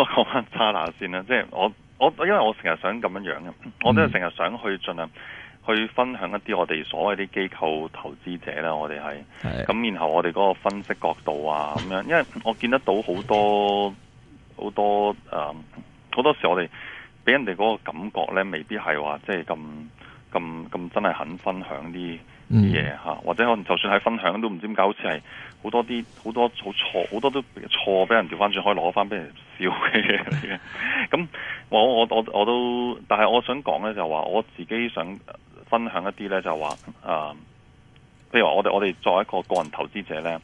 我講翻差那先啦，即係我我因為我成日想咁樣樣嘅，我都係成日想去盡量去分享一啲我哋所謂啲機構投資者啦。我哋係咁，的然後我哋嗰個分析角度啊，咁樣，因為我見得到好多好多誒，嗯、好多時我哋俾人哋嗰個感覺咧，未必係話即係咁咁咁真係肯分享啲啲嘢嚇，嗯、或者可能就算係分享都唔知點解好似係好多啲好多好錯好多都錯，俾人調翻轉可以攞翻俾人。嘅嘢嚟嘅，咁 我我我我都，但係我想講咧就話、是，我自己想分享一啲咧就話、是，啊、呃，譬如話我哋我哋作為一個個人投資者咧，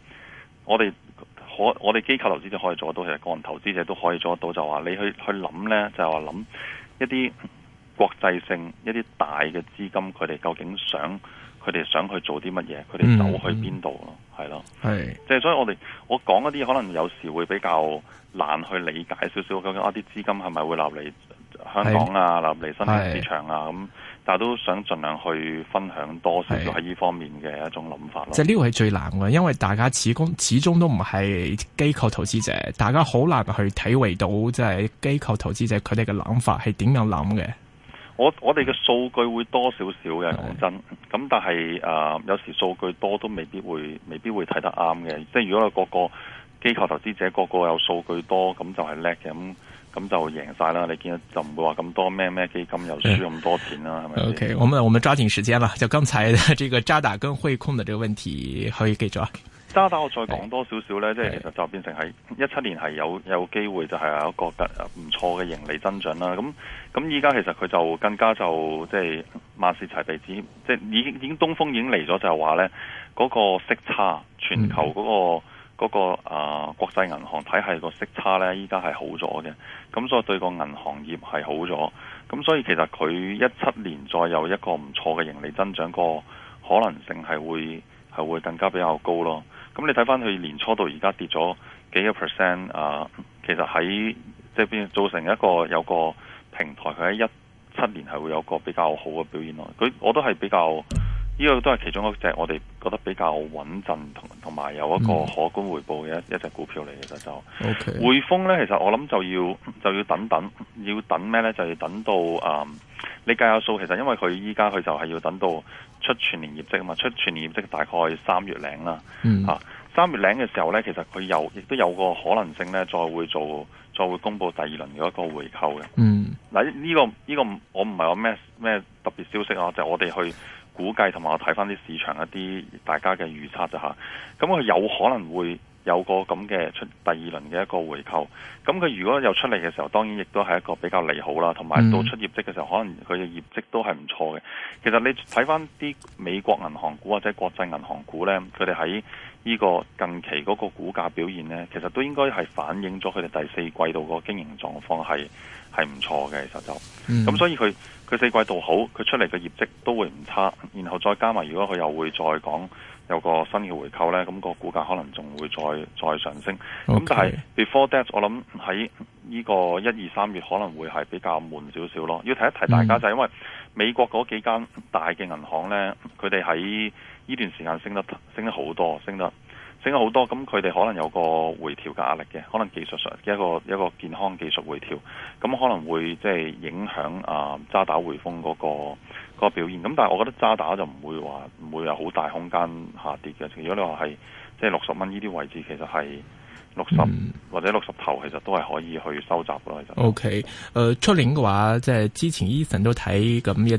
我哋可我哋機構投資者可以做得到，其實個人投資者都可以做得到，就話、是、你去去諗咧，就話、是、諗一啲國際性一啲大嘅資金，佢哋究竟想。佢哋想去做啲乜嘢，佢哋走去邊度咯？係咯、嗯，係即係，啦是所以我哋我講一啲可能有時候會比較難去理解少少嗰個一啲資、啊、金係咪會留嚟香港啊，留嚟新興市場啊咁，是但係都想盡量去分享多少少喺呢方面嘅一種諗法咯。即係呢個係最難嘅，因為大家始終始終都唔係機構投資者，大家好難去體會到即係機構投資者佢哋嘅諗法係點樣諗嘅。我我哋嘅數據會多少少嘅，講真。咁但係誒、呃，有時數據多都未必會，未必會睇得啱嘅。即係如果各個個機構投資者個個有數據多，咁就係叻嘅，咁咁就贏晒啦。你見到就唔會話咁多咩咩基金又輸咁多錢啦，係咪？OK，我哋我們抓緊時間啦，就剛才的這個渣打跟匯控的這個問題可以繼續、啊。加我再講多少少呢？即係其實就變成係一七年係有有機會就係有一個唔錯嘅盈利增長啦。咁咁依家其實佢就更加就即係、即係、萬事齊備只，即係已經已經東風已經嚟咗，就係、係、話呢嗰、嗰個息差，全球嗰、嗰個啊、嗰個呃、國際銀行體系個息差呢，依家係好咗嘅。咁所以對個銀行業係好咗。咁所以其實佢一七年再有一個唔錯嘅盈利增長、嗰個可能性係會。係會更加比較高咯。咁、嗯、你睇翻佢年初到而家跌咗幾個 percent 啊，其實喺即係變造成一個有個平台，佢喺一七年係會有個比較好嘅表現咯。佢我都係比較，呢、呢個都係其中一隻我哋覺得比較穩陣同同埋有一個可觀回報嘅一隻股票嚟嘅就就。匯豐咧，其實我諗就要就要等等，要等咩咧？就要等到、呃你計下數，其實因為佢依家佢就係要等到出全年業績啊嘛，出全年業績大概三月零啦嚇，三月零嘅時候咧，其實佢有亦都有個可能性咧，再會做再會公布第二輪嘅一個回購嘅。嗱呢、嗯啊呢個呢、呢個、我唔係話咩咩特別消息啊，就係、我哋去估計同埋我睇翻啲市場一啲大家嘅預測就下咁佢有可能會。有個咁嘅出第二輪嘅一個回購，咁佢如果又出嚟嘅時候，當然亦都係一個比較利好啦。同埋到出業績嘅時候，可能佢嘅業績都係唔錯嘅。其實你睇翻啲美國銀行股或者國際銀行股咧，佢哋喺呢個近期嗰個股價表現咧，其實都應該係反映咗佢哋第四季度個經營狀況，係係唔錯嘅。其實就咁，所以佢佢四季度好，佢出嚟嘅業績都會唔差。然後再加埋，如果佢又會再講。有個新嘅回購呢，咁、嗰個股價可能仲會再再上升。咁 Okay. 但係 before that, 我諗喺呢個一、二、三月可能會係比較悶少少咯。要提一提大家就係因為美國嗰幾間大嘅銀行呢，佢哋喺呢段時間升得升得好多，升得。整咗好多，咁佢哋可能有個回調嘅壓力嘅，可能技術上嘅一個一個健康技術回調，咁可能會即係影響啊、呃、渣打回風匯豐嗰個表現。咁但係我覺得渣打就唔會話唔會有好大空間下跌嘅。如果你話係即係六十蚊呢啲位置，其實係六十或者六十頭，其實都係可以去收集嘅、okay, 呃。就 O K，誒出年嘅話，即係之前 Ethan 都睇咁一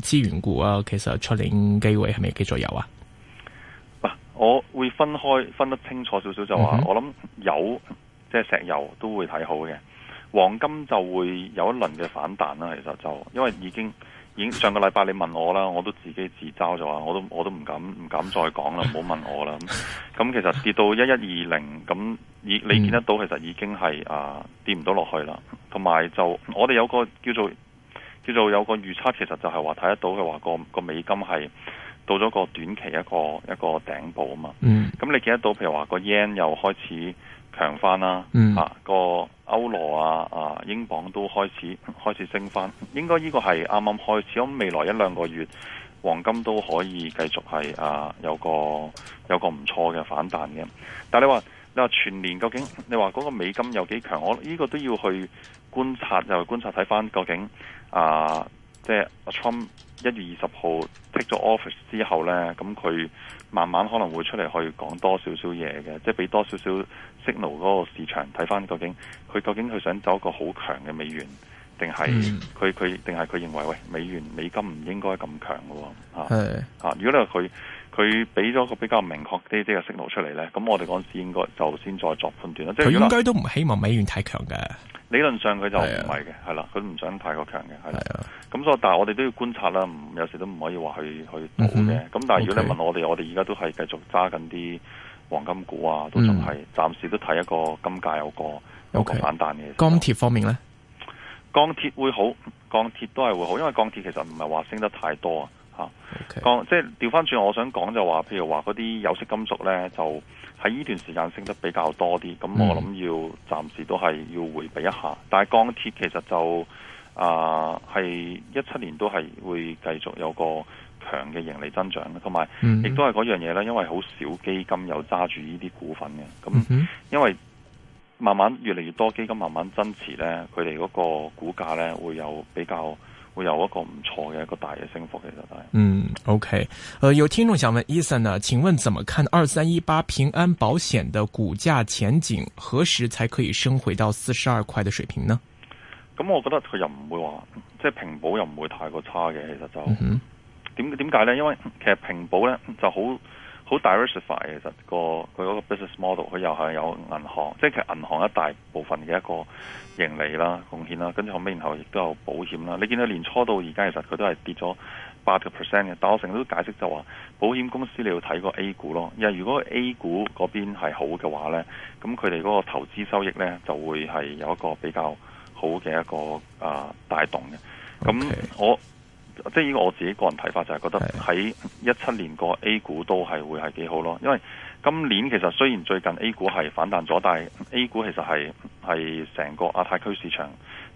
啲資源股啊，其實出年機會係咪繼續有幾左右啊？會分開分得清楚少少，就話我諗油即係石油都會睇好嘅，黃金就會有一輪嘅反彈啦。其實就因為已經已經上個禮拜你問我啦，我都自己自嘲就話，我都我都唔敢唔敢再講啦，唔好問我啦。咁其實跌到一一二零，咁已你見得到，其實已經係啊、呃、跌唔到落去啦。同埋就我哋有個叫做叫做有個預測，其實就係話睇得到嘅話，那個個美金係。到咗個短期一個一個頂部啊嘛，咁、嗯、你見得到譬如話個 yen 又開始強翻啦，啊個歐羅啊啊英鎊都開始開始升翻，應該呢個係啱啱開始，咁未來一兩個月黃金都可以繼續係啊有個有個唔錯嘅反彈嘅。但係你話你話全年究竟你話嗰個美金有幾強？我呢個都要去觀察，又觀察睇翻究竟啊。即阿 Trump 一月二十號 take 咗 office 之後呢，咁佢慢慢可能會出嚟去講多少少嘢嘅，即係俾多少少 signal 嗰個市場，睇翻究竟佢究竟佢想走一個好強嘅美元，定係佢佢定係佢認為喂美元美金唔應該咁強嘅喎嚇如果你話佢。佢俾咗個比較明確啲啲嘅信號出嚟咧，咁我哋嗰陣時應該就先再作判斷啦。即係佢應該都唔希望美元太強嘅。理論上佢就唔係嘅，係啦對、啊，佢唔想太過強嘅。係對啊，咁所以但係我哋都要觀察啦，唔有時都唔可以話去去賭嘅。咁、嗯、但係如果你問我哋，嗯 okay、我哋而家都係繼續揸緊啲黃金股啊，都仲係暫時都睇一個金價有個有個反彈嘅。鋼鐵、嗯 okay，方面咧，鋼鐵會好，鋼鐵都係會好，因為鋼鐵其實唔係話升得太多啊。吓，返 Okay. 即係調翻轉，我想講就話，譬如話嗰啲有色金屬呢，就喺呢段時間升得比較多啲，咁我諗要暫時都係要回避一下。Mm hmm. 但係鋼鐵其實就啊，係一七年都係會繼續有個強嘅盈利增長，同埋亦都係嗰樣嘢呢，因為好少基金有揸住呢啲股份嘅，咁、mm hmm. 因為慢慢越嚟越多基金慢慢增持呢，佢哋嗰個股價呢會有比較。會有一個唔錯嘅一個大嘅升幅，其實都係。嗯，OK，誒、呃，有聽眾想問，Ethan 啊，請問怎麼看二三一八平安保險嘅股價前景？何時才可以升回到四十二塊嘅水平呢？咁我覺得佢又唔會話，即係平保又唔會太過差嘅，其實就點點解呢？因為其實平保呢就好。好 diversify，其實個佢嗰個 business model，佢又係有銀行，即係其實銀行一大部分嘅一個盈利啦、貢獻啦，跟住後尾然後亦都有保險啦。你見到年初到而家其實佢都係跌咗八個 percent 嘅，但我成日都解釋就話保險公司你要睇個 A 股咯，因為如果 A 股嗰邊係好嘅話呢，咁佢哋嗰個投資收益呢，就會係有一個比較好嘅一個啊帶動嘅。咁 Okay. 我。即係呢個我自己個人睇法就係、是、覺得喺一七年個 A 股都係會係幾好咯，因為今年其實雖然最近 A 股係反彈咗，但係 A 股其實係係成個亞太區市場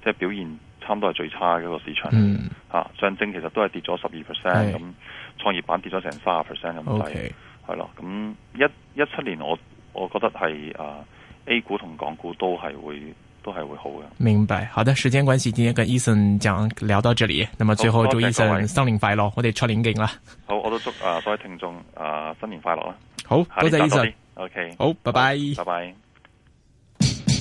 即係表現差唔多係最差嘅一個市場，吓、嗯啊、上證其實都係跌咗十二 percent 咁，嗯、創業板跌咗成三十 percent 咁低，係咯，咁一一七年我我覺得係、呃、A 股同港股都係會。都係會好嘅，明白。好的，時間關係，今天跟 Ethan 講聊到這裏。那麼最後好祝 Ethan 新年快樂，我哋出年勁啦。好，我都祝啊各位聽眾啊、呃、新年快樂啦。好，多謝 Ethan，OK，好，拜拜，e，拜拜。Okay, 好